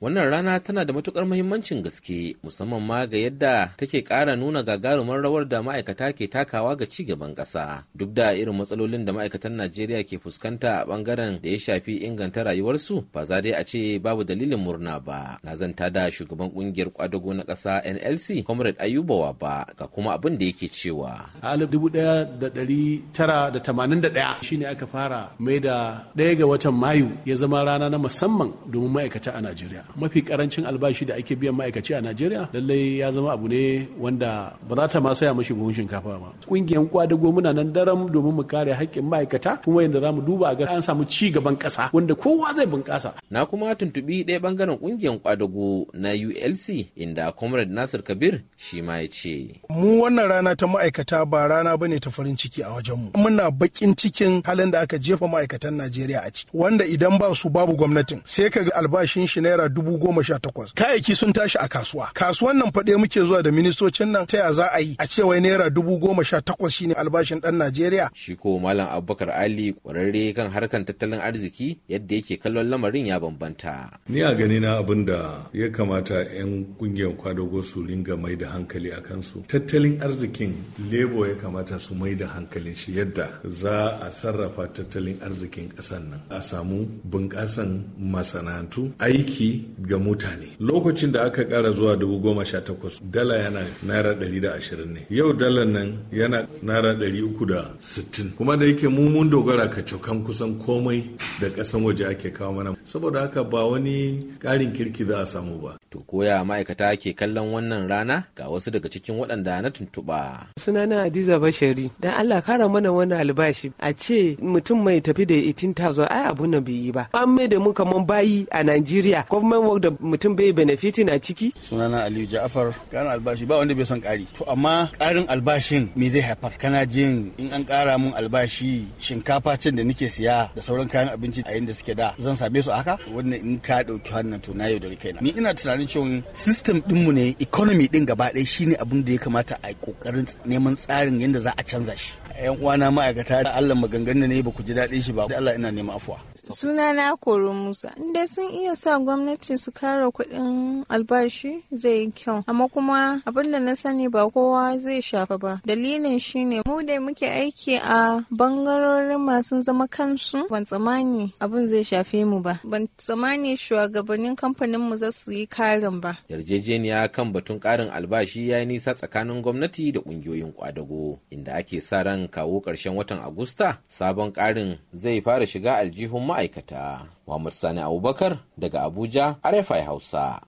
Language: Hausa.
Wannan rana tana da matukar muhimmancin gaske musamman ma ga yadda take kara nuna gagarumar rawar da ma'aikata ke takawa ga ci gaban ƙasa. Duk da irin matsalolin da ma'aikatan Najeriya ke fuskanta a bangaren da ya shafi inganta rayuwarsu ba za dai a ce babu dalilin murna ba. Na zanta da shugaban ƙungiyar kwadago na ƙasa NLC Comrade Ayubawa ba ga kuma abin da yake cewa. A alif shine aka fara mai da ɗaya ga watan Mayu ya zama rana na musamman domin ma'aikata a Najeriya. mafi karancin albashi da ake biyan ma'aikaci a Najeriya lallai ya zama abu ne wanda ba za ta ma saya mashi buhun shinkafa ba. Kungiyan kwadago muna nan daram domin mu kare haƙƙin ma'aikata kuma yadda za mu duba a ga an samu ci gaban ƙasa wanda kowa zai bunƙasa. Na kuma tuntubi ɗaya bangaren kungiyan kwadago na ULC inda Comrade Nasir Kabir shi ma ya ce. Mu wannan rana ta ma'aikata ba rana bane ta farin ciki a wajen wajenmu. Muna bakin cikin halin da aka jefa ma'aikatan Najeriya a ciki wanda idan ba su babu gwamnatin sai ka ga albashin shi naira dubu goma sha takwas kayayyaki sun tashi a kasuwa kasuwan nan faɗe muke zuwa da ministocin nan ta ya za a yi a cewa naira dubu goma sha takwas shine albashin ɗan najeriya shi ko malam abubakar ali ƙwararre kan harkan tattalin arziki yadda yake kallon lamarin ya bambanta ni a gani na abin da ya kamata 'yan kungiyar kwadago su ringa mai da hankali a kansu tattalin arzikin lebo ya kamata su mai da hankalin shi yadda za a sarrafa tattalin arzikin ƙasan nan a samu bunƙasan masana'antu aiki ga mutane lokacin da aka kara zuwa dubu goma sha takwas dala yana naira ɗari da ashirin ne yau dalar nan yana naira ɗari uku da sittin kuma da yake mu mun dogara ka cokan kusan komai da ƙasan waje ake kawo mana saboda haka ba wani ƙarin kirki za a samu ba to koya ma'aikata ke kallon wannan rana ga wasu daga cikin waɗanda na tuntuɓa na adiza bashari dan allah kara mana wani albashi a ce mutum mai tafi da itin tazo ai abu na bai yi ba an mai da mu kaman bayi a najeriya kuma government work da mutum bai benefiting a ciki sunana aliyu ja'afar karin albashi ba wanda bai son kari to amma ƙarin albashin me zai haifar kana jin in an kara mun albashi shinkafa cin da nake siya da sauran kayan abinci a yadda suke da zan same su a haka wannan in ka dauki wannan to na yau da kaina ni ina tunanin cewa system ɗinmu ne economy din gaba ɗaya shine abin da ya kamata a kokarin neman tsarin yadda za a canza shi yan uwana ma'aikata da Allah maganganu ne ba ku ji daɗin shi ba da Allah ina neman afuwa Suna na koro musa inda sun iya sa gwamnati su kare kuɗin albashi zai yi kyau amma kuma abinda na sani ba kowa zai shafa ba dalilin shine mu da muke aiki a bangarorin masu zama kansu ban tsammani abin zai shafe mu ba ban tsammani shugabannin kamfanin mu za su yi karin ba yarjejeniya kan batun karin albashi ya yi nisa tsakanin gwamnati da ƙungiyoyin kwadago inda ake sa ran kawo ƙarshen watan Agusta sabon ƙarin zai fara shiga aljihun ma'aikata. Muhammad Sani Abubakar daga Abuja, RFI Hausa.